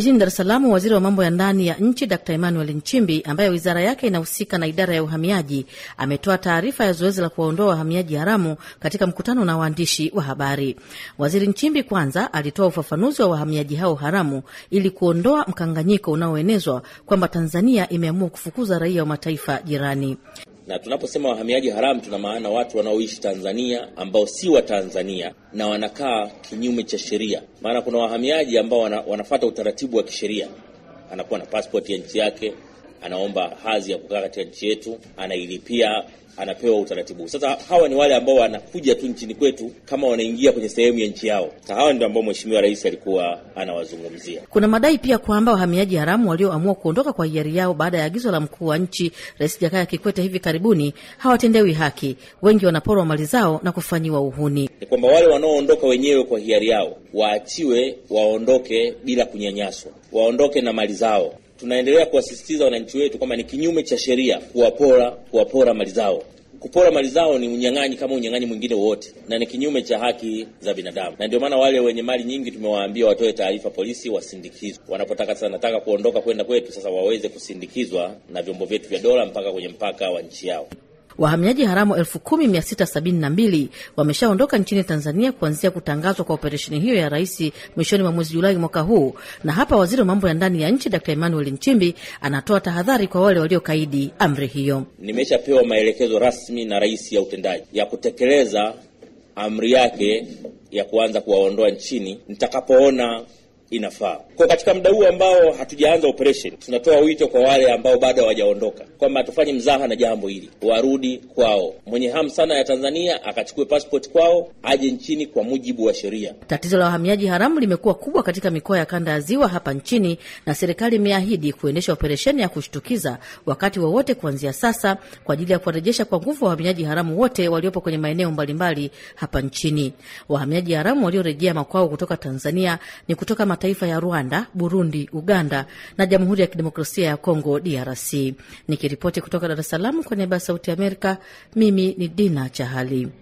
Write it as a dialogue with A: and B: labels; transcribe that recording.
A: Jijini Dar es Salaam, waziri wa mambo ya ndani ya nchi Dkt Emmanuel Nchimbi, ambaye wizara yake inahusika na idara ya uhamiaji, ametoa taarifa ya zoezi la kuwaondoa wahamiaji haramu katika mkutano na waandishi wa habari. Waziri Nchimbi kwanza alitoa ufafanuzi wa wahamiaji hao haramu ili kuondoa mkanganyiko unaoenezwa kwamba Tanzania imeamua kufukuza raia wa mataifa jirani
B: na tunaposema wahamiaji haramu tuna maana watu wanaoishi Tanzania ambao si wa Tanzania na wanakaa kinyume cha sheria. Maana kuna wahamiaji ambao wana, wanafata utaratibu wa kisheria, anakuwa na passport ya nchi yake anaomba hadhi ya kukaa katika nchi yetu, anailipia anapewa utaratibu. Sasa hawa ni wale ambao wanakuja tu nchini kwetu kama wanaingia kwenye sehemu ya nchi yao. Sasa hawa ndio ambao Mheshimiwa Rais alikuwa anawazungumzia.
A: Kuna madai pia kwamba wahamiaji haramu walioamua kuondoka kwa hiari yao baada ya agizo la mkuu wa nchi Rais Jakaya Kikwete hivi karibuni hawatendewi haki, wengi wanaporwa mali zao na kufanyiwa uhuni. Ni
B: kwamba wale wanaoondoka wenyewe kwa hiari yao waachiwe, waondoke bila kunyanyaswa, waondoke na mali zao tunaendelea kuwasisitiza wananchi wetu kwamba ni kinyume cha sheria kuwapora kuwapora mali zao. Kupora mali zao ni unyang'anyi kama unyang'anyi mwingine wowote, na ni kinyume cha haki za binadamu, na ndio maana wale wenye mali nyingi tumewaambia watoe taarifa polisi, wasindikizwe wanapotaka sasa, nataka kuondoka kwenda kwetu, sasa waweze kusindikizwa na vyombo vyetu vya dola mpaka kwenye mpaka wa nchi yao.
A: Wahamiaji haramu 10672 wameshaondoka nchini Tanzania kuanzia kutangazwa kwa operesheni hiyo ya rais mwishoni mwa mwezi Julai mwaka huu. Na hapa waziri wa mambo ya ndani ya nchi Dkt Emmanuel Nchimbi anatoa tahadhari kwa wale waliokaidi amri hiyo.
B: Nimeshapewa maelekezo rasmi na rais ya utendaji ya kutekeleza amri yake ya kuanza kuwaondoa nchini nitakapoona inafaa. Kwa katika muda huu ambao hatujaanza operation, tunatoa wito kwa wale ambao bado hawajaondoka kwamba hatufanyi mzaha na jambo hili, warudi kwao. Mwenye hamu sana ya Tanzania akachukue passport kwao, aje nchini kwa mujibu wa sheria.
A: Tatizo la wahamiaji haramu limekuwa kubwa katika mikoa ya kanda ya ziwa hapa nchini, na serikali imeahidi kuendesha operesheni ya kushtukiza wakati wowote wa kuanzia sasa kwa ajili ya kuwarejesha kwa nguvu wahamiaji haramu wote waliopo kwenye maeneo mbalimbali hapa nchini. Wahamiaji haramu waliorejea makwao kutoka Tanzania ni kutoka mataifa ya Rwanda, Burundi, Uganda na Jamhuri ya Kidemokrasia ya Kongo, DRC. Nikiripoti kutoka Dar es Salaam kwa niaba ya Sauti ya Amerika, mimi ni Dina Chahali.